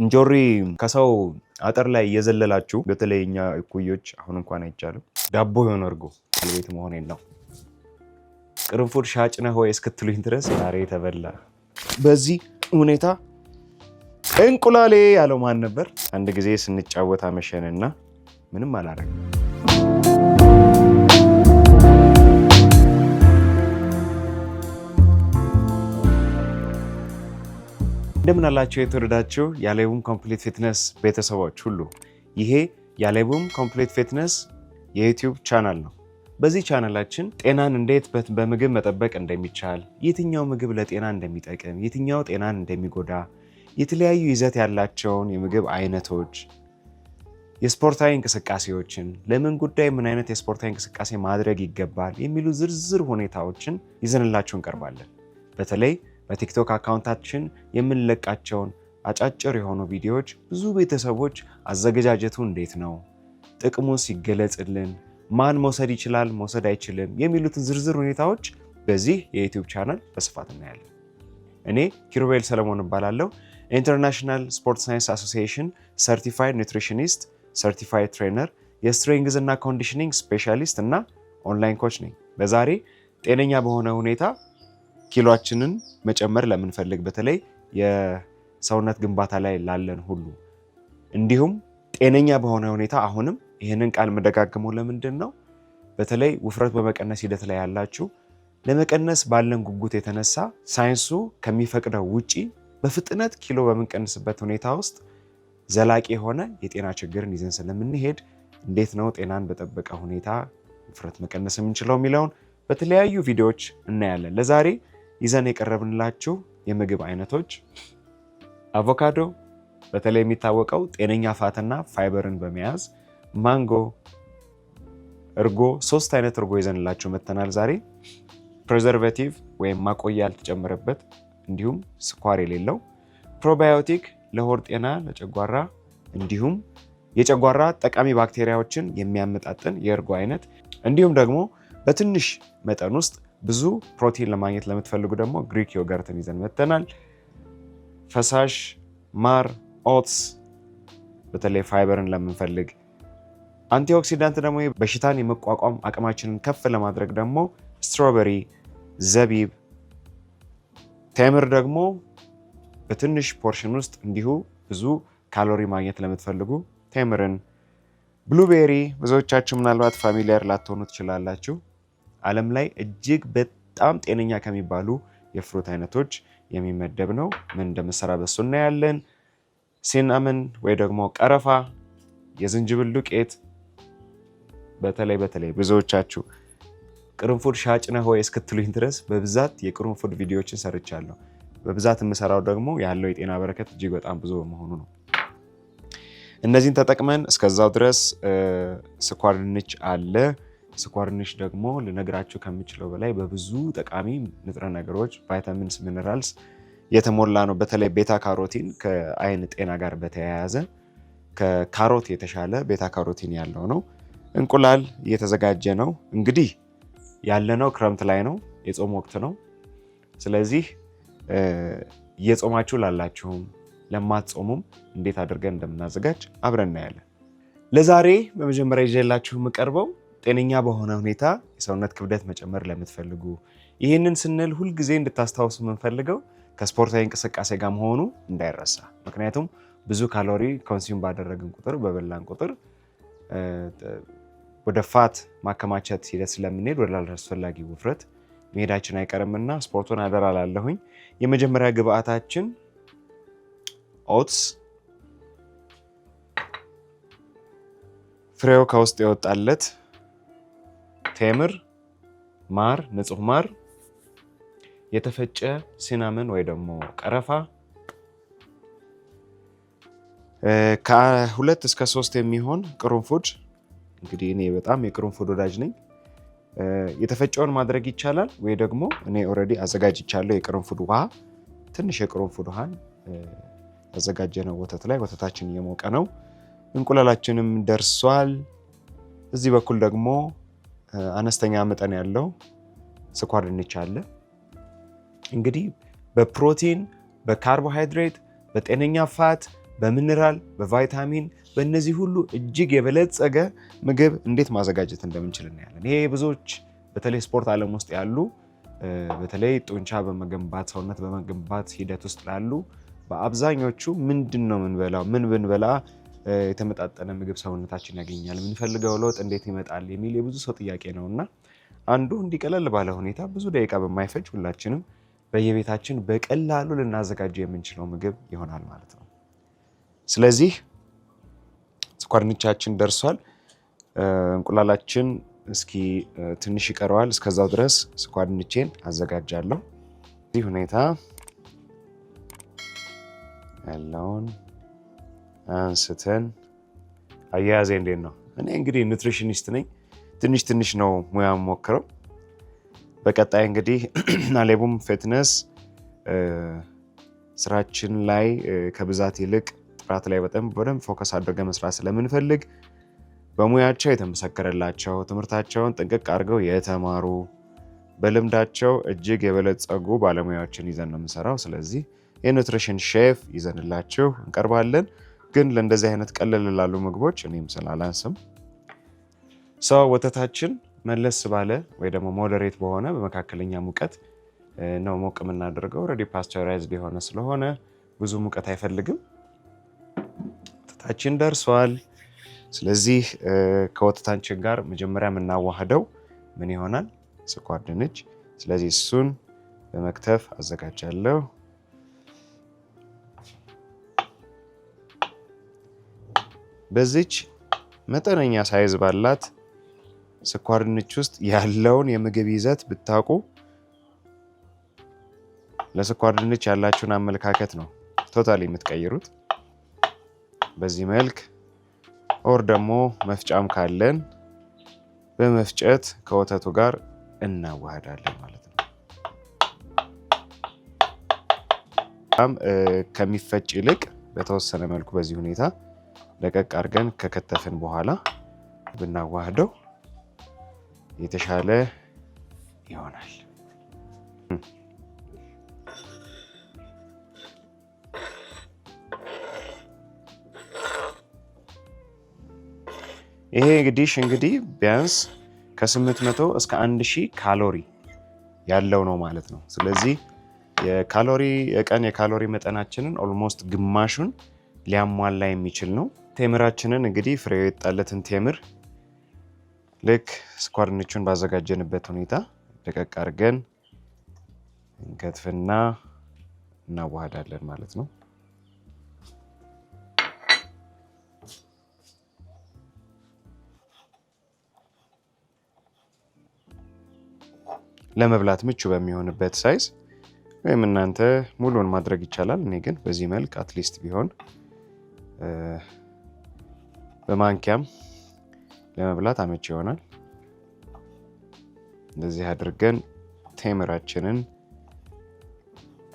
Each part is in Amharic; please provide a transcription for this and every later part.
እንጆሪ ከሰው አጥር ላይ እየዘለላችሁ በተለይ እኛ እኩዮች አሁን እንኳን አይቻልም። ዳቦ የሆነ እርጎ ባለቤት መሆኔን ነው። ቅርንፉድ ሻጭ ነህ ወይ እስክትሉኝ ድረስ ዛሬ ተበላ። በዚህ ሁኔታ እንቁላሌ ያለው ማን ነበር? አንድ ጊዜ ስንጫወት አመሸንና ምንም አላረግም። እንደምን አላችሁ የተወደዳችሁ የአሌቡም ኮምፕሊት ፊትነስ ቤተሰቦች ሁሉ፣ ይሄ የአሌቡም ኮምፕሊት ፊትነስ የዩቲዩብ ቻናል ነው። በዚህ ቻናላችን ጤናን እንዴት በምግብ መጠበቅ እንደሚቻል፣ የትኛው ምግብ ለጤና እንደሚጠቅም፣ የትኛው ጤናን እንደሚጎዳ፣ የተለያዩ ይዘት ያላቸውን የምግብ አይነቶች፣ የስፖርታዊ እንቅስቃሴዎችን፣ ለምን ጉዳይ ምን አይነት የስፖርታዊ እንቅስቃሴ ማድረግ ይገባል የሚሉ ዝርዝር ሁኔታዎችን ይዘንላችሁ እንቀርባለን በተለይ በቲክቶክ አካውንታችን የምንለቃቸውን አጫጭር የሆኑ ቪዲዮዎች ብዙ ቤተሰቦች አዘገጃጀቱ እንዴት ነው፣ ጥቅሙ ሲገለጽልን፣ ማን መውሰድ ይችላል፣ መውሰድ አይችልም የሚሉትን ዝርዝር ሁኔታዎች በዚህ የዩቲዩብ ቻናል በስፋት እናያለን። እኔ ኪሩቤል ሰለሞን እባላለሁ። ኢንተርናሽናል ስፖርት ሳይንስ አሶሲሽን ሰርቲፋይድ ኒውትሪሽኒስት፣ ሰርቲፋይድ ትሬነር፣ የስትሬንግዝ እና ኮንዲሽኒንግ ስፔሻሊስት እና ኦንላይን ኮች ነኝ። በዛሬ ጤነኛ በሆነ ሁኔታ ኪሎችንን መጨመር ለምንፈልግ በተለይ የሰውነት ግንባታ ላይ ላለን ሁሉ እንዲሁም ጤነኛ በሆነ ሁኔታ አሁንም ይህንን ቃል መደጋግሞ ለምንድን ነው በተለይ ውፍረት በመቀነስ ሂደት ላይ ያላችሁ ለመቀነስ ባለን ጉጉት የተነሳ ሳይንሱ ከሚፈቅደው ውጪ በፍጥነት ኪሎ በምንቀንስበት ሁኔታ ውስጥ ዘላቂ የሆነ የጤና ችግርን ይዘን ስለምንሄድ እንዴት ነው ጤናን በጠበቀ ሁኔታ ውፍረት መቀነስ የምንችለው የሚለውን በተለያዩ ቪዲዮዎች እናያለን። ለዛሬ ይዘን የቀረብንላችሁ የምግብ አይነቶች አቮካዶ በተለይ የሚታወቀው ጤነኛ ፋትና ፋይበርን በመያዝ ማንጎ፣ እርጎ ሶስት አይነት እርጎ ይዘንላችሁ መተናል ዛሬ ፕሬዘርቬቲቭ ወይም ማቆያ ያልተጨመረበት እንዲሁም ስኳር የሌለው ፕሮባዮቲክ ለሆድ ጤና ለጨጓራ እንዲሁም የጨጓራ ጠቃሚ ባክቴሪያዎችን የሚያመጣጥን የእርጎ አይነት እንዲሁም ደግሞ በትንሽ መጠን ውስጥ ብዙ ፕሮቲን ለማግኘት ለምትፈልጉ ደግሞ ግሪክ ዮገርትን ይዘን መጥተናል። ፈሳሽ ማር፣ ኦትስ በተለይ ፋይበርን ለምንፈልግ፣ አንቲኦክሲዳንት ደግሞ በሽታን የመቋቋም አቅማችንን ከፍ ለማድረግ ደግሞ ስትሮበሪ፣ ዘቢብ፣ ቴምር ደግሞ በትንሽ ፖርሽን ውስጥ እንዲሁ ብዙ ካሎሪ ማግኘት ለምትፈልጉ ቴምርን፣ ብሉቤሪ ብዙዎቻችሁ ምናልባት ፋሚሊያር ላትሆኑ ትችላላችሁ። ዓለም ላይ እጅግ በጣም ጤነኛ ከሚባሉ የፍሩት አይነቶች የሚመደብ ነው። ምን እንደምሰራ በሱ እናያለን። ሲናምን ወይ ደግሞ ቀረፋ፣ የዝንጅብል ዱቄት በተለይ በተለይ ብዙዎቻችሁ ቅርንፉድ ሻጭ ነህ ወይ እስክትሉኝ ድረስ በብዛት የቅርንፉድ ቪዲዮዎችን ሰርቻለሁ። በብዛት የምሰራው ደግሞ ያለው የጤና በረከት እጅግ በጣም ብዙ በመሆኑ ነው። እነዚህን ተጠቅመን እስከዛው ድረስ ስኳር ድንች አለ። ስኳርንሽ ደግሞ ልነግራችሁ ከምችለው በላይ በብዙ ጠቃሚ ንጥረ ነገሮች፣ ቫይታሚንስ፣ ሚነራልስ የተሞላ ነው። በተለይ ቤታ ካሮቲን ከአይን ጤና ጋር በተያያዘ ከካሮት የተሻለ ቤታ ካሮቲን ያለው ነው። እንቁላል እየተዘጋጀ ነው። እንግዲህ ያለነው ክረምት ላይ ነው፣ የጾም ወቅት ነው። ስለዚህ እየጾማችሁ ላላችሁም ለማትጾሙም እንዴት አድርገን እንደምናዘጋጅ አብረን እናያለን። ለዛሬ በመጀመሪያ ይዤላችሁ የምቀርበው ጤነኛ በሆነ ሁኔታ የሰውነት ክብደት መጨመር ለምትፈልጉ ይህንን ስንል ሁልጊዜ እንድታስታውሱ የምንፈልገው ከስፖርታዊ እንቅስቃሴ ጋር መሆኑ እንዳይረሳ። ምክንያቱም ብዙ ካሎሪ ኮንሱም ባደረግን ቁጥር በበላን ቁጥር ወደ ፋት ማከማቸት ሂደት ስለምንሄድ ወደ አላስፈላጊ ውፍረት መሄዳችን አይቀርምና ስፖርቱን አደራ ላለሁኝ። የመጀመሪያ ግብአታችን ኦትስ ፍሬው ከውስጥ የወጣለት ቴምር፣ ማር፣ ንጹህ ማር፣ የተፈጨ ሲናመን ወይ ደግሞ ቀረፋ ከሁለት እስከ ሶስት የሚሆን ቅርንፉድ። እንግዲህ እኔ በጣም የቅርንፉድ ወዳጅ ነኝ። የተፈጨውን ማድረግ ይቻላል ወይ ደግሞ እኔ ኦልሬዲ አዘጋጅቻለሁ የቅርንፉድ ውሃ። ትንሽ የቅርንፉድ ውሃን ያዘጋጀነው ወተት ላይ ወተታችን እየሞቀ ነው። እንቁላላችንም ደርሷል። እዚህ በኩል ደግሞ አነስተኛ መጠን ያለው ስኳር ድንች አለ። እንግዲህ በፕሮቲን፣ በካርቦሃይድሬት፣ በጤነኛ ፋት፣ በሚኔራል በቫይታሚን በእነዚህ ሁሉ እጅግ የበለጸገ ምግብ እንዴት ማዘጋጀት እንደምንችል እናያለን። ይሄ ብዙዎች በተለይ ስፖርት ዓለም ውስጥ ያሉ በተለይ ጡንቻ በመገንባት ሰውነት በመገንባት ሂደት ውስጥ ላሉ በአብዛኞቹ ምንድን ነው ምን ብንበላ የተመጣጠነ ምግብ ሰውነታችን ያገኛል፣ የምንፈልገው ለውጥ እንዴት ይመጣል የሚል የብዙ ሰው ጥያቄ ነው እና አንዱ እንዲቀለል ባለ ሁኔታ ብዙ ደቂቃ በማይፈጅ ሁላችንም በየቤታችን በቀላሉ ልናዘጋጀው የምንችለው ምግብ ይሆናል ማለት ነው። ስለዚህ ስኳር ድንቻችን ደርሷል። እንቁላላችን እስኪ ትንሽ ይቀረዋል። እስከዛው ድረስ ስኳር ድንቼን አዘጋጃለሁ። በዚህ ሁኔታ ያለውን አንስተን አያያዜ እንዴት ነው? እኔ እንግዲህ ኒትሪሽኒስት ነኝ። ትንሽ ትንሽ ነው ሙያ ሞክረው። በቀጣይ እንግዲህ አሌቡም ፊትነስ ስራችን ላይ ከብዛት ይልቅ ጥራት ላይ በጣም በደንብ ፎከስ አድርገ መስራት ስለምንፈልግ በሙያቸው የተመሰከረላቸው ትምህርታቸውን ጥንቅቅ አድርገው የተማሩ በልምዳቸው እጅግ የበለጸጉ ባለሙያዎችን ይዘን ነው የምንሰራው። ስለዚህ የኑትሪሽን ሼፍ ይዘንላችሁ እንቀርባለን። ግን ለእንደዚህ አይነት ቀለል ላሉ ምግቦች እኔም ስላላንስም ሰው ወተታችን መለስ ባለ ወይ ደግሞ ሞደሬት በሆነ በመካከለኛ ሙቀት ነው ሞቅ የምናደርገው። ረዲ ፓስቸራይዝድ የሆነ ስለሆነ ብዙ ሙቀት አይፈልግም። ወተታችን ደርሰዋል። ስለዚህ ከወተታችን ጋር መጀመሪያ የምናዋህደው ምን ይሆናል? ስኳር ድንች። ስለዚህ እሱን በመክተፍ አዘጋጃለሁ። በዚች መጠነኛ ሳይዝ ባላት ስኳር ድንች ውስጥ ያለውን የምግብ ይዘት ብታውቁ ለስኳር ድንች ያላችሁን አመለካከት ነው ቶታል የምትቀይሩት። በዚህ መልክ ኦር ደግሞ መፍጫም ካለን በመፍጨት ከወተቱ ጋር እናዋህዳለን ማለት ነው። ከሚፈጭ ይልቅ በተወሰነ መልኩ በዚህ ሁኔታ ለቀቅ አድርገን ከከተፍን በኋላ ብናዋህደው የተሻለ ይሆናል። ይሄ ዲሽ እንግዲህ ቢያንስ ከ800 እስከ 1000 ካሎሪ ያለው ነው ማለት ነው። ስለዚህ የካሎሪ የቀን የካሎሪ መጠናችንን ኦልሞስት ግማሹን ሊያሟላ የሚችል ነው። ቴምራችንን እንግዲህ ፍሬው የወጣለትን ቴምር ልክ ስኳር ድንቹን ባዘጋጀንበት ሁኔታ ደቀቅ አድርገን እንከትፍና እናዋሃዳለን ማለት ነው። ለመብላት ምቹ በሚሆንበት ሳይዝ ወይም እናንተ ሙሉን ማድረግ ይቻላል። እኔ ግን በዚህ መልክ አትሊስት ቢሆን በማንኪያም ለመብላት አመቺ ይሆናል። እንደዚህ አድርገን ቴምራችንን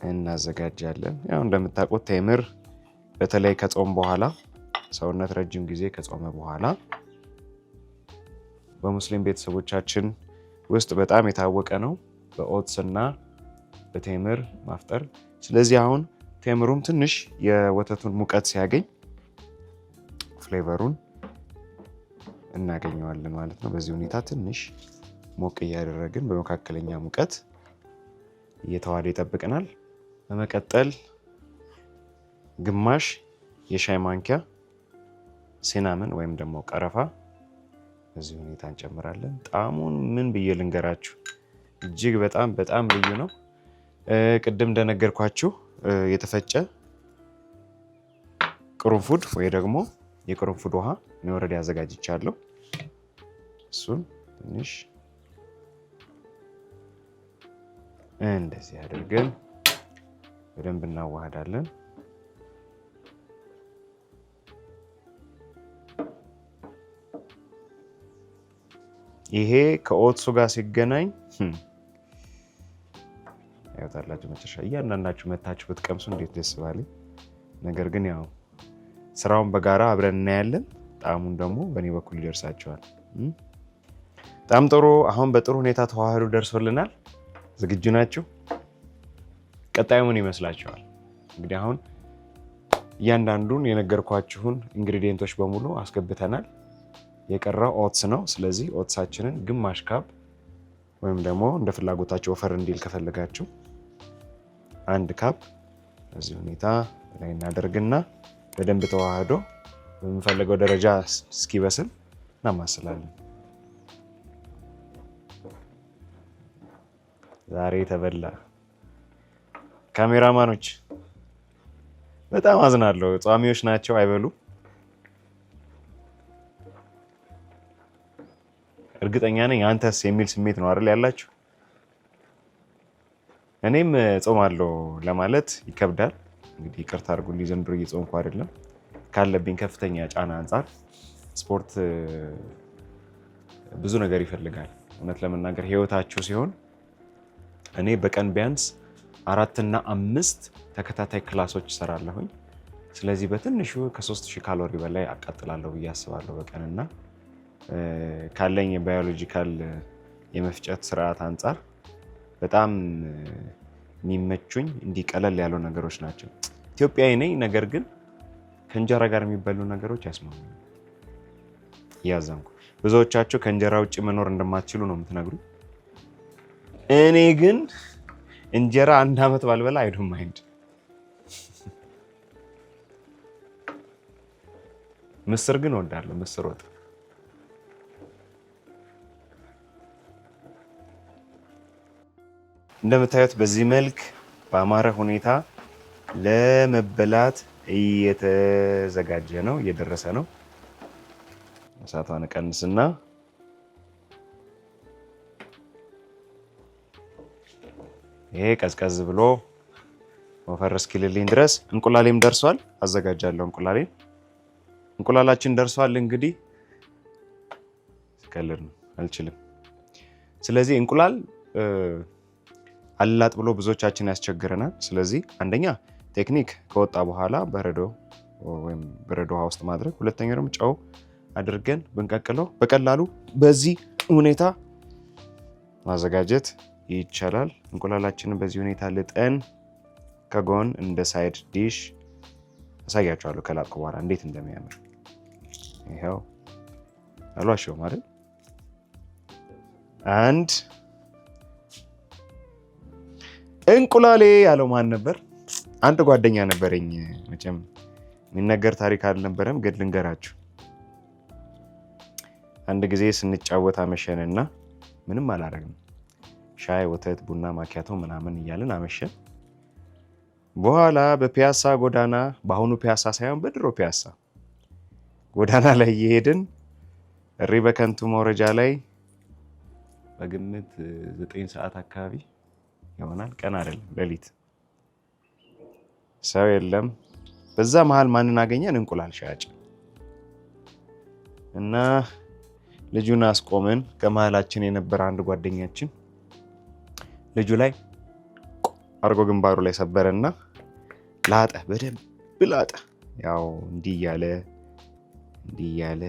እናዘጋጃለን። ያው እንደምታውቁት ቴምር በተለይ ከጾም በኋላ ሰውነት ረጅም ጊዜ ከጾመ በኋላ በሙስሊም ቤተሰቦቻችን ውስጥ በጣም የታወቀ ነው፣ በኦትስ እና በቴምር ማፍጠር። ስለዚህ አሁን ቴምሩም ትንሽ የወተቱን ሙቀት ሲያገኝ ፍሌቨሩን እናገኘዋለን ማለት ነው። በዚህ ሁኔታ ትንሽ ሞቅ እያደረግን በመካከለኛ ሙቀት እየተዋደ ይጠብቀናል። በመቀጠል ግማሽ የሻይ ማንኪያ ሲናምን ወይም ደግሞ ቀረፋ በዚህ ሁኔታ እንጨምራለን። ጣዕሙን ምን ብዬ ልንገራችሁ፣ እጅግ በጣም በጣም ልዩ ነው። ቅድም እንደነገርኳችሁ የተፈጨ ቅርንፉድ ወይ ደግሞ የቅርንፉድ ውሃ እኔ ኦልሬዲ አዘጋጅቻለሁ። እሱን ትንሽ እንደዚህ አድርገን በደንብ እናዋህዳለን። ይሄ ከኦትሱ ጋር ሲገናኝ ያወጣላችሁ hm መጨረሻ እያንዳንዳችሁ መታችሁ ብትቀምሱ እንዴት ደስ ባለኝ። ነገር ግን ያው ስራውን በጋራ አብረን እናያለን። ጣዕሙን ደግሞ በእኔ በኩል ይደርሳቸዋል። በጣም ጥሩ። አሁን በጥሩ ሁኔታ ተዋህዶ ደርሶልናል። ዝግጁ ናችሁ? ቀጣዩ ምን ይመስላችኋል? እንግዲህ አሁን እያንዳንዱን የነገርኳችሁን ኢንግሪዲየንቶች በሙሉ አስገብተናል። የቀረው ኦትስ ነው። ስለዚህ ኦትሳችንን ግማሽ ካፕ ወይም ደግሞ እንደ ፍላጎታቸው ወፈር እንዲል ከፈለጋችሁ አንድ ካፕ በዚህ ሁኔታ ላይ እናደርግና በደንብ ተዋህዶ በምንፈልገው ደረጃ እስኪበስል እናማስላለን። ዛሬ ተበላ። ካሜራማኖች በጣም አዝናለሁ። ጿሚዎች ናቸው፣ አይበሉ እርግጠኛ ነኝ አንተስ የሚል ስሜት ነው አይደል ያላችሁ? እኔም ጾም አለው ለማለት ይከብዳል። እንግዲህ ይቅርታ አድርጉልኝ፣ ዘንድሮ እየጾምኩ አይደለም። ካለብኝ ከፍተኛ ጫና አንጻር ስፖርት ብዙ ነገር ይፈልጋል። እውነት ለመናገር ህይወታችሁ ሲሆን እኔ በቀን ቢያንስ አራትና አምስት ተከታታይ ክላሶች እሰራለሁኝ። ስለዚህ በትንሹ ከ3000 ካሎሪ በላይ አቃጥላለሁ ብዬ አስባለሁ በቀንና ካለኝ የባዮሎጂካል የመፍጨት ስርዓት አንጻር በጣም የሚመቹኝ እንዲህ ቀለል ያሉ ነገሮች ናቸው። ኢትዮጵያዊ ነኝ ነገር ግን ከእንጀራ ጋር የሚበሉ ነገሮች ያስማሙ እያዘንኩ ብዙዎቻቸው ከእንጀራ ውጭ መኖር እንደማትችሉ ነው የምትነግሩ። እኔ ግን እንጀራ አንድ ዓመት ባልበላ አይዱም አይንድ ምስር ግን እወዳለሁ። ምስር ወጥ እንደምታዩት በዚህ መልክ በአማረ ሁኔታ ለመበላት እየተዘጋጀ ነው፣ እየደረሰ ነው። እሳቷን ቀንስና ይሄ ቀዝቀዝ ብሎ ወፈር እስኪልልኝ ድረስ እንቁላሌም ደርሷል። አዘጋጃለሁ እንቁላሌ እንቁላላችን ደርሷል። እንግዲህ ስቀልድ ነው አልችልም። ስለዚህ እንቁላል አላጥ ብሎ ብዙዎቻችን ያስቸግረናል። ስለዚህ አንደኛ ቴክኒክ ከወጣ በኋላ በረዶ ወይም በረዶ ውሃ ውስጥ ማድረግ፣ ሁለተኛ ደግሞ ጨው አድርገን ብንቀቅለው በቀላሉ በዚህ ሁኔታ ማዘጋጀት ይቻላል። እንቁላላችንን በዚህ ሁኔታ ልጠን ከጎን እንደ ሳይድ ዲሽ አሳያችኋለሁ። ከላጥኩ በኋላ እንዴት እንደሚያምር ይኸው አሏሸው ማለት አንድ እንቁላሌ ያለው ማን ነበር? አንድ ጓደኛ ነበረኝ። መቼም የሚነገር ታሪክ አልነበረም፣ ግን ልንገራችሁ። አንድ ጊዜ ስንጫወት እና ምንም አላደረግንም። ሻይ፣ ወተት፣ ቡና፣ ማኪያቶ ምናምን እያልን አመሸን። በኋላ በፒያሳ ጎዳና በአሁኑ ፒያሳ ሳይሆን በድሮ ፒያሳ ጎዳና ላይ እየሄድን እሪ በከንቱ መውረጃ ላይ በግምት ዘጠኝ ሰዓት አካባቢ ይሆናል። ቀን አይደለም ሌሊት ሰው የለም። በዛ መሀል ማንን አገኘን? እንቁላል ሻጭ እና ልጁን አስቆምን። ከመሀላችን የነበረ አንድ ጓደኛችን ልጁ ላይ አርጎ ግንባሩ ላይ ሰበረና ላጠ፣ በደንብ ላጠ። ያው እንዲህ እያለ እንዲህ እያለ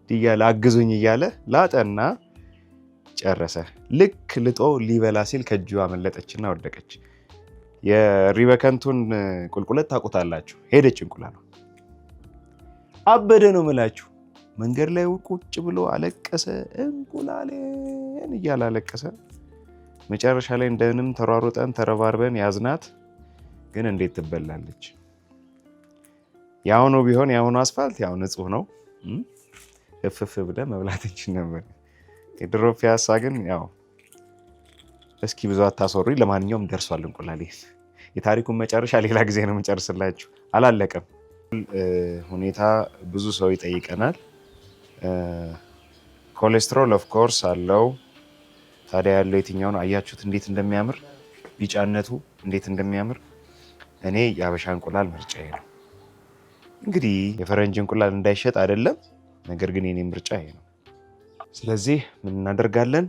እንዲህ እያለ አግዙኝ እያለ ላጠና ጨረሰ። ልክ ልጦ ሊበላ ሲል ከእጁ አመለጠችና ወደቀች። የሪበከንቱን ቁልቁለት ታውቁታላችሁ። ሄደች እንቁላሉ። አበደ ነው ምላችሁ። መንገድ ላይ ቁጭ ብሎ አለቀሰ። እንቁላሌን እያለ አለቀሰ። መጨረሻ ላይ እንደምንም ተሯሩጠን ተረባርበን ያዝናት። ግን እንዴት ትበላለች? የአሁኑ ቢሆን የአሁኑ አስፋልት ያው ንጹህ ነው፣ እፍፍ ብለ መብላት እንችል ነበር። የድሮ ፒያሳ ግን ያው እስኪ ብዙ አታስወሩኝ። ለማንኛውም ደርሷል እንቁላሌ። የታሪኩን መጨረሻ ሌላ ጊዜ ነው የምንጨርስላችሁ። አላለቀም ሁኔታ ብዙ ሰው ይጠይቀናል። ኮሌስትሮል ኦፍ ኮርስ አለው። ታዲያ ያለው ነው? አያችሁት? እንዴት እንደሚያምር ቢጫነቱ እንዴት እንደሚያምር። እኔ የአበሻ እንቁላል ምርጫዬ ነው። እንግዲህ የፈረንጅ እንቁላል እንዳይሸጥ አይደለም፣ ነገር ግን የኔ ምርጫ ይሄ ነው። ስለዚህ ምን እናደርጋለን?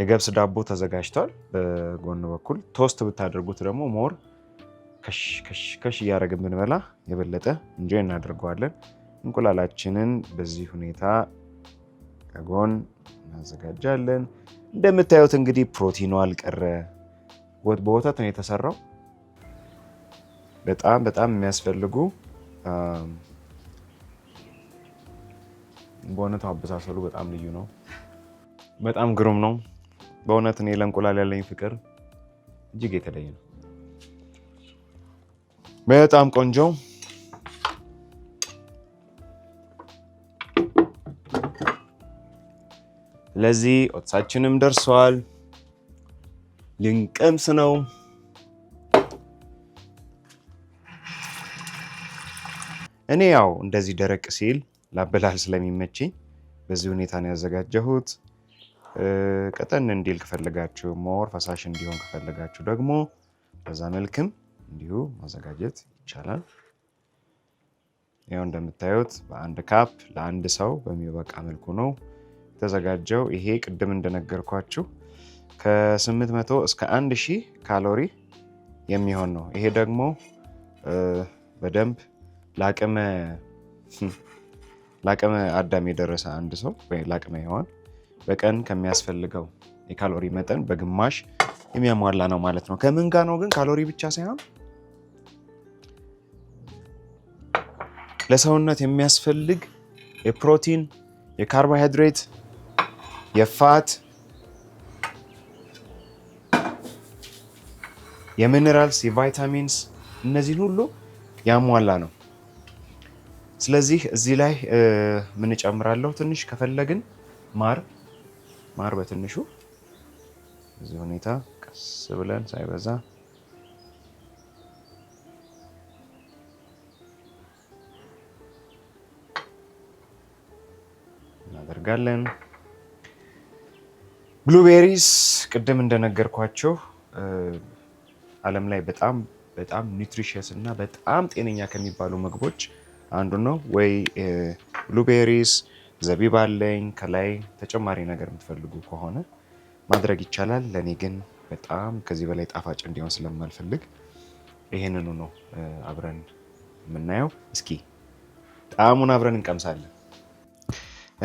የገብስ ዳቦ ተዘጋጅቷል። በጎን በኩል ቶስት ብታደርጉት ደግሞ ሞር ከሽከሽከሽ እያደረግ ብንበላ የበለጠ እንጆይ እናደርገዋለን። እንቁላላችንን በዚህ ሁኔታ ከጎን እናዘጋጃለን። እንደምታዩት እንግዲህ ፕሮቲኑ አልቀረ፣ በወተት ነው የተሰራው። በጣም በጣም የሚያስፈልጉ በእውነቱ አበሳሰሉ በጣም ልዩ ነው። በጣም ግሩም ነው። በእውነት እኔ ለእንቁላል ያለኝ ፍቅር እጅግ የተለየ ነው። በጣም ቆንጆ ለዚህ ኦትሳችንም ደርሰዋል። ልንቀምስ ነው። እኔ ያው እንደዚህ ደረቅ ሲል ላበላል ስለሚመቼ በዚህ ሁኔታ ነው ያዘጋጀሁት። ቀጠን እንዲል ከፈለጋችሁ ሞር ፈሳሽ እንዲሆን ከፈለጋችሁ ደግሞ በዛ መልክም እንዲሁ ማዘጋጀት ይቻላል። ይኸው እንደምታዩት በአንድ ካፕ ለአንድ ሰው በሚበቃ መልኩ ነው የተዘጋጀው። ይሄ ቅድም እንደነገርኳችሁ ከ800 እስከ 1000 ካሎሪ የሚሆን ነው። ይሄ ደግሞ በደንብ ለአቅመ አዳም የደረሰ አንድ ሰው ለአቅመ ሔዋን በቀን ከሚያስፈልገው የካሎሪ መጠን በግማሽ የሚያሟላ ነው ማለት ነው። ከምን ጋር ነው ግን? ካሎሪ ብቻ ሳይሆን ለሰውነት የሚያስፈልግ የፕሮቲን፣ የካርቦሃይድሬት፣ የፋት፣ የሚነራልስ፣ የቫይታሚንስ እነዚህን ሁሉ ያሟላ ነው። ስለዚህ እዚህ ላይ ምን እጨምራለሁ? ትንሽ ከፈለግን ማር ማር በትንሹ እዚህ ሁኔታ ቀስ ብለን ሳይበዛ እናደርጋለን። ብሉቤሪስ ቅድም እንደነገርኳቸው ዓለም ላይ በጣም በጣም ኒትሪሽስ እና በጣም ጤነኛ ከሚባሉ ምግቦች አንዱ ነው። ወይ ብሉቤሪስ ዘቢብ አለኝ ከላይ ተጨማሪ ነገር የምትፈልጉ ከሆነ ማድረግ ይቻላል። ለእኔ ግን በጣም ከዚህ በላይ ጣፋጭ እንዲሆን ስለማልፈልግ ይህንኑ ነው አብረን የምናየው። እስኪ ጣዕሙን አብረን እንቀምሳለን።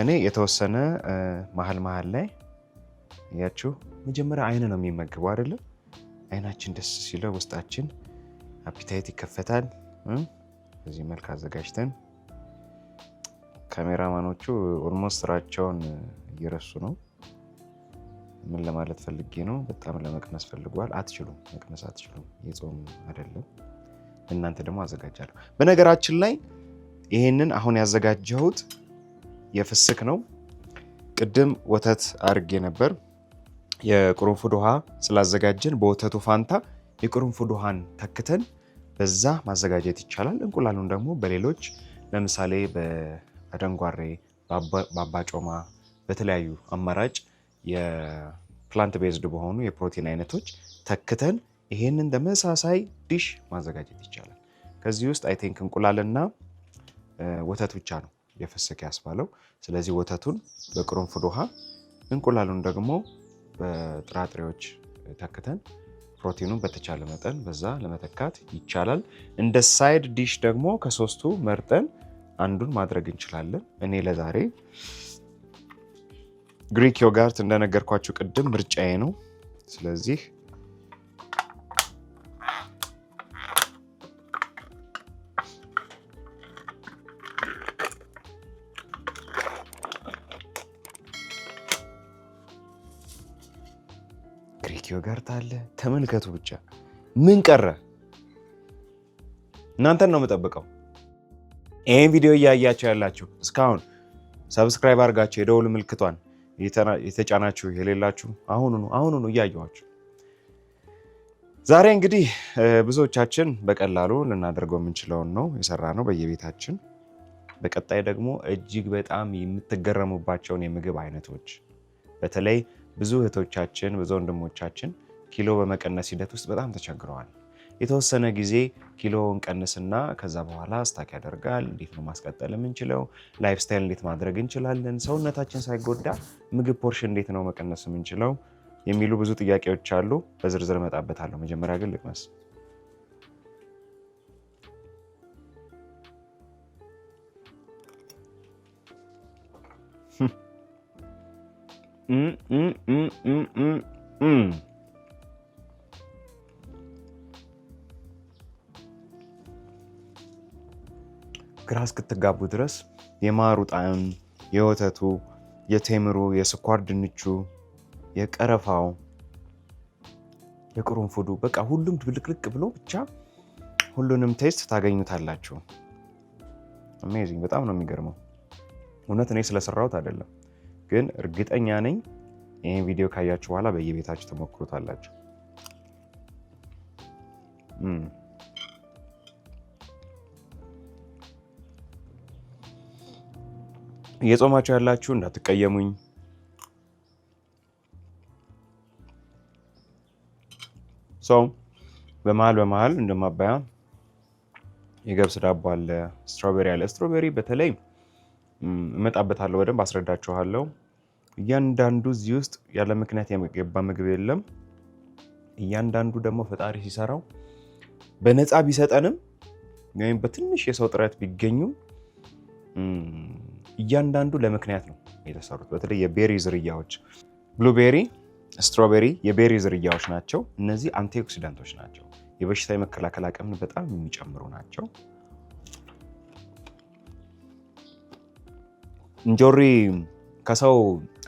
እኔ የተወሰነ መሀል መሀል ላይ እያችሁ መጀመሪያ አይን ነው የሚመግበው አይደለም። አይናችን ደስ ሲለው ውስጣችን አፒታይት ይከፈታል። በዚህ መልክ አዘጋጅተን ካሜራማኖቹ ኦልሞስት ስራቸውን እየረሱ ነው። ምን ለማለት ፈልጌ ነው? በጣም ለመቅመስ ፈልጓል። አትችሉም፣ መቅመስ አትችሉም። የጾም አይደለም። እናንተ ደግሞ አዘጋጃለሁ። በነገራችን ላይ ይህንን አሁን ያዘጋጀሁት የፍስክ ነው። ቅድም ወተት አድርጌ ነበር። የቅርንፉድ ውሃ ስላዘጋጀን በወተቱ ፋንታ የቅርንፉድ ውሃን ተክተን በዛ ማዘጋጀት ይቻላል። እንቁላሉን ደግሞ በሌሎች ለምሳሌ በደንጓሬ፣ በአባጮማ በተለያዩ አማራጭ የፕላንት ቤዝድ በሆኑ የፕሮቲን አይነቶች ተክተን ይሄንን ተመሳሳይ ዲሽ ማዘጋጀት ይቻላል። ከዚህ ውስጥ አይ ቲንክ እንቁላልና ወተት ብቻ ነው የፈሰከ ያስባለው። ስለዚህ ወተቱን በቅርንፉድ ውሃ እንቁላሉን ደግሞ በጥራጥሬዎች ተክተን ፕሮቲኑን በተቻለ መጠን በዛ ለመተካት ይቻላል። እንደ ሳይድ ዲሽ ደግሞ ከሶስቱ መርጠን አንዱን ማድረግ እንችላለን። እኔ ለዛሬ ግሪክ ዮጋርት እንደነገርኳችሁ ቅድም ምርጫዬ ነው። ስለዚህ ግሪክ ዮጋርት አለ። ተመልከቱ ብቻ ምን ቀረ? እናንተን ነው የምጠብቀው። ይህን ቪዲዮ እያያችሁ ያላችሁ እስካሁን ሰብስክራይብ አድርጋችሁ የደውል ምልክቷን የተጫናችሁ የሌላችሁ አሁኑኑ አሁኑኑ እያየኋችሁ ዛሬ እንግዲህ ብዙዎቻችን በቀላሉ ልናደርገው የምንችለውን ነው የሰራ ነው በየቤታችን። በቀጣይ ደግሞ እጅግ በጣም የምትገረሙባቸውን የምግብ አይነቶች በተለይ ብዙ እህቶቻችን ብዙ ወንድሞቻችን ኪሎ በመቀነስ ሂደት ውስጥ በጣም ተቸግረዋል። የተወሰነ ጊዜ ኪሎውን ቀንስና ከዛ በኋላ ስታክ ያደርጋል። እንዴት ነው ማስቀጠል የምንችለው? ላይፍ ስታይል እንዴት ማድረግ እንችላለን? ሰውነታችን ሳይጎዳ ምግብ ፖርሽን እንዴት ነው መቀነስ የምንችለው? የሚሉ ብዙ ጥያቄዎች አሉ። በዝርዝር እመጣበታለሁ። መጀመሪያ ግን ልቅመስ። ግራ እስክትጋቡ ድረስ የማሩ ጣዕም፣ የወተቱ፣ የቴምሩ፣ የስኳር ድንቹ፣ የቀረፋው፣ የቅርንፉዱ በቃ ሁሉም ድብልቅልቅ ብሎ ብቻ ሁሉንም ቴስት ታገኙታላችሁ። አሜዚንግ በጣም ነው የሚገርመው። እውነት እኔ ስለሰራሁት አይደለም፣ ግን እርግጠኛ ነኝ ይህን ቪዲዮ ካያችሁ በኋላ በየቤታችሁ ተሞክሩታላችሁ። hmm. እየጾማችሁ ያላችሁ እንዳትቀየሙኝ። ሰው በመሀል በመሀል እንደማባያ የገብስ ዳቦ አለ፣ ስትሮቤሪ አለ። ስትሮቤሪ በተለይ እመጣበታለሁ፣ በደንብ አስረዳችኋለሁ። እያንዳንዱ እዚህ ውስጥ ያለ ምክንያት የገባ ምግብ የለም። እያንዳንዱ ደግሞ ፈጣሪ ሲሰራው በነፃ ቢሰጠንም ወይም በትንሽ የሰው ጥረት ቢገኙም እያንዳንዱ ለምክንያት ነው የተሰሩት። በተለይ የቤሪ ዝርያዎች ብሉቤሪ፣ ስትሮቤሪ የቤሪ ዝርያዎች ናቸው። እነዚህ አንቲኦክሲዳንቶች ናቸው። የበሽታ የመከላከል አቅምን በጣም የሚጨምሩ ናቸው። እንጆሪ ከሰው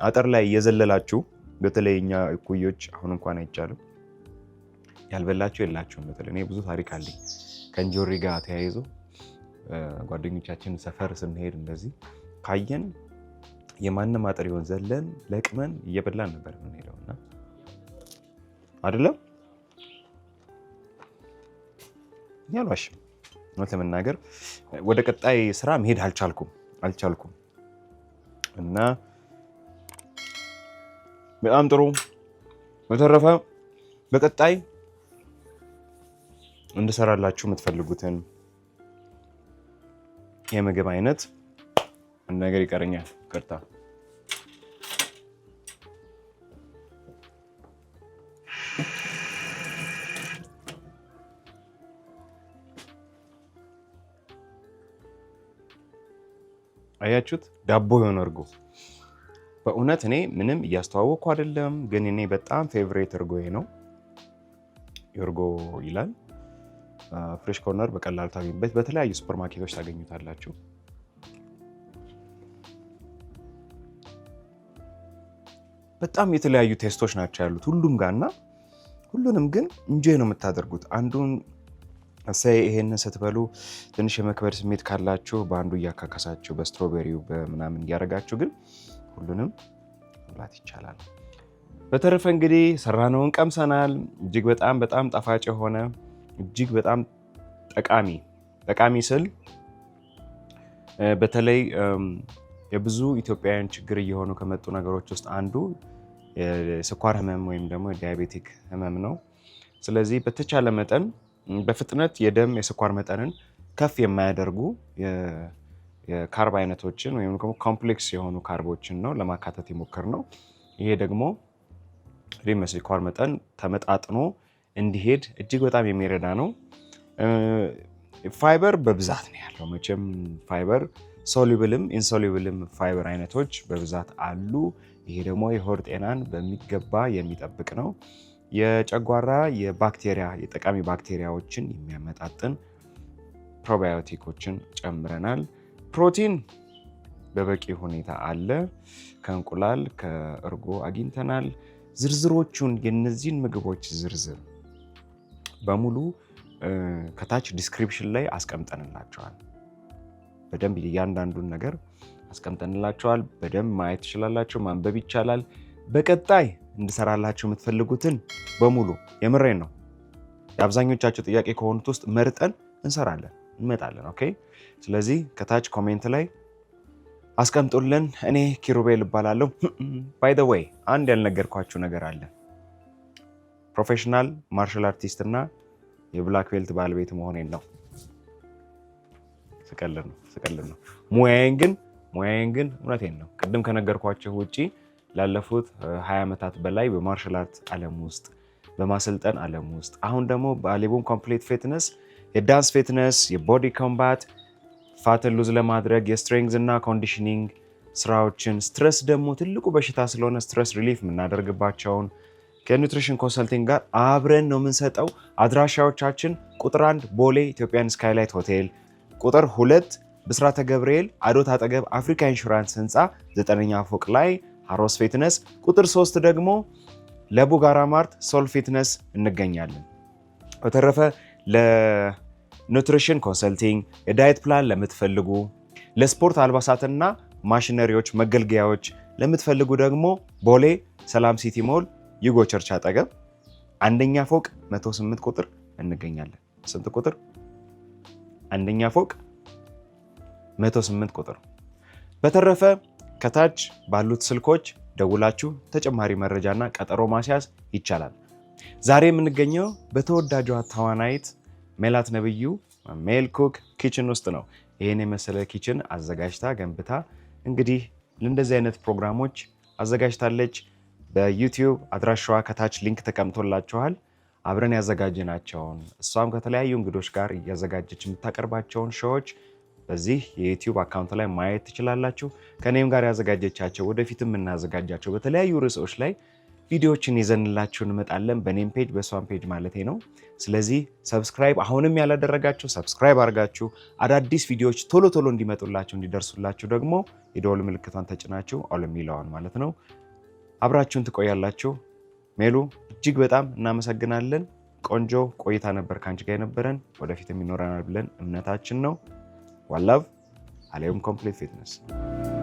አጥር ላይ እየዘለላችሁ በተለይ እኛ እኩዮች አሁን እንኳን አይቻልም ያልበላችሁ የላችሁም። በተለይ እኔ ብዙ ታሪክ አለኝ ከእንጆሪ ጋር ተያይዞ ጓደኞቻችን ሰፈር ስንሄድ እንደዚህ ካየን የማንም አጥሪውን ዘለን ለቅመን እየበላን ነበር የምንሄደው እና አይደለም አልዋሽም። እውነት ለመናገር ወደ ቀጣይ ስራ መሄድ አልቻልኩም አልቻልኩም እና በጣም ጥሩ። በተረፈ በቀጣይ እንድሰራላችሁ የምትፈልጉትን የምግብ አይነት አንድ ነገር ይቀረኛል። ቅርታ አያችሁት? ዳቦ የሆነ እርጎ። በእውነት እኔ ምንም እያስተዋወቅኩ አይደለም፣ ግን እኔ በጣም ፌቨሬት እርጎዬ ነው። የእርጎ ይላል ፍሬሽ ኮርነር በቀላሉ ታገኙበት፣ በተለያዩ ሱፐርማርኬቶች ታገኙታላችሁ። በጣም የተለያዩ ቴስቶች ናቸው ያሉት ሁሉም ጋር እና ሁሉንም ግን እንጆይ ነው የምታደርጉት። አንዱን ሳይ ይሄንን ስትበሉ ትንሽ የመክበድ ስሜት ካላችሁ በአንዱ እያካከሳችሁ በስትሮቤሪው በምናምን እያደረጋችሁ ግን ሁሉንም መብላት ይቻላል። በተረፈ እንግዲህ ሰራነውን ቀምሰናል። እጅግ በጣም በጣም ጣፋጭ የሆነ እጅግ በጣም ጠቃሚ ጠቃሚ ስል በተለይ የብዙ ኢትዮጵያውያን ችግር እየሆኑ ከመጡ ነገሮች ውስጥ አንዱ የስኳር ህመም ወይም ደግሞ ዲያቤቲክ ህመም ነው። ስለዚህ በተቻለ መጠን በፍጥነት የደም የስኳር መጠንን ከፍ የማያደርጉ የካርብ አይነቶችን ወይም ደግሞ ኮምፕሌክስ የሆኑ ካርቦችን ነው ለማካተት የሞከር ነው። ይሄ ደግሞ የስኳር መጠን ተመጣጥኖ እንዲሄድ እጅግ በጣም የሚረዳ ነው። ፋይበር በብዛት ነው ያለው መቼም ፋይበር ሶሉብልም ኢንሶሉብልም ፋይበር አይነቶች በብዛት አሉ። ይሄ ደግሞ የሆድ ጤናን በሚገባ የሚጠብቅ ነው። የጨጓራ የባክቴሪያ የጠቃሚ ባክቴሪያዎችን የሚያመጣጥን ፕሮባዮቲኮችን ጨምረናል። ፕሮቲን በበቂ ሁኔታ አለ። ከእንቁላል ከእርጎ አግኝተናል። ዝርዝሮቹን የነዚህን ምግቦች ዝርዝር በሙሉ ከታች ዲስክሪፕሽን ላይ አስቀምጠንላቸዋል። በደንብ እያንዳንዱን ነገር አስቀምጠንላቸዋል። በደንብ ማየት ይችላላቸው ማንበብ ይቻላል። በቀጣይ እንድሰራላቸው የምትፈልጉትን በሙሉ የምሬን ነው። የአብዛኞቻቸው ጥያቄ ከሆኑት ውስጥ መርጠን እንሰራለን፣ እንመጣለን። ኦኬ። ስለዚህ ከታች ኮሜንት ላይ አስቀምጡልን። እኔ ኪሩቤል እባላለሁ። ባይ አንድ ያልነገርኳችሁ ነገር አለ። ፕሮፌሽናል ማርሻል አርቲስት እና የብላክ ቤልት ባለቤት መሆኔን ነው። ስቀልድ ነው። ስቀልድ ነው። ሙያዬን ግን ሙያዬን ግን እውነቴን ነው ቅድም ከነገርኳቸው ውጪ ላለፉት 20 ዓመታት በላይ በማርሻል አርት ዓለም ውስጥ በማሰልጠን ዓለም ውስጥ አሁን ደግሞ በአሌቡም ኮምፕሌት ፊትነስ የዳንስ ፊትነስ፣ የቦዲ ኮምባት ፋትን ሉዝ ለማድረግ የስትሬንግዝ እና ኮንዲሽኒንግ ስራዎችን ስትረስ ደግሞ ትልቁ በሽታ ስለሆነ ስትረስ ሪሊፍ የምናደርግባቸውን ከኒውትሪሽን ኮንሰልቲንግ ጋር አብረን ነው የምንሰጠው። አድራሻዎቻችን ቁጥር አንድ ቦሌ ኢትዮጵያን ስካይላይት ሆቴል፣ ቁጥር ሁለት ብስራተ ገብርኤል አዶት አጠገብ አፍሪካ ኢንሹራንስ ህንፃ ዘጠነኛ ፎቅ ላይ ሃሮስ ፊትነስ፣ ቁጥር 3 ደግሞ ለቡጋራ ማርት ሶል ፊትነስ እንገኛለን። በተረፈ ለኑትሪሽን ኮንሰልቲንግ የዳየት ፕላን ለምትፈልጉ፣ ለስፖርት አልባሳትና ማሽነሪዎች መገልገያዎች ለምትፈልጉ ደግሞ ቦሌ ሰላም ሲቲ ሞል ዩጎ ቸርች አጠገብ አንደኛ ፎቅ 108 ቁጥር እንገኛለን። ስንት ቁጥር? አንደኛ ፎቅ 108 ቁጥር። በተረፈ ከታች ባሉት ስልኮች ደውላችሁ ተጨማሪ መረጃና ቀጠሮ ማስያዝ ይቻላል። ዛሬ የምንገኘው በተወዳጇ ተዋናይት ሜላት ነብዩ ሜል ኩክ ኪችን ውስጥ ነው። ይህን የመሰለ ኪችን አዘጋጅታ ገንብታ እንግዲህ ለእንደዚህ አይነት ፕሮግራሞች አዘጋጅታለች። በዩቲዩብ አድራሻዋ ከታች ሊንክ ተቀምጦላችኋል። አብረን ያዘጋጅናቸውን እሷም ከተለያዩ እንግዶች ጋር እያዘጋጀች የምታቀርባቸውን ሾዎች በዚህ የዩቲዩብ አካውንት ላይ ማየት ትችላላችሁ። ከእኔም ጋር ያዘጋጀቻቸው ወደፊትም የምናዘጋጃቸው በተለያዩ ርዕሶች ላይ ቪዲዮዎችን ይዘንላችሁ እንመጣለን። በኔም ፔጅ በሷን ፔጅ ማለቴ ነው። ስለዚህ ሰብስክራይብ አሁንም ያላደረጋችሁ ሰብስክራይብ አድርጋችሁ አዳዲስ ቪዲዮዎች ቶሎ ቶሎ እንዲመጡላችሁ እንዲደርሱላችሁ ደግሞ የደወል ምልክቷን ተጭናችሁ አሉ የሚለውን ማለት ነው አብራችሁን ትቆያላችሁ። ሜሉ እጅግ በጣም እናመሰግናለን። ቆንጆ ቆይታ ነበር ከአንቺ ጋር የነበረን ወደፊትም ይኖረናል ብለን እምነታችን ነው። واللف عليهم كومبليت فيتنس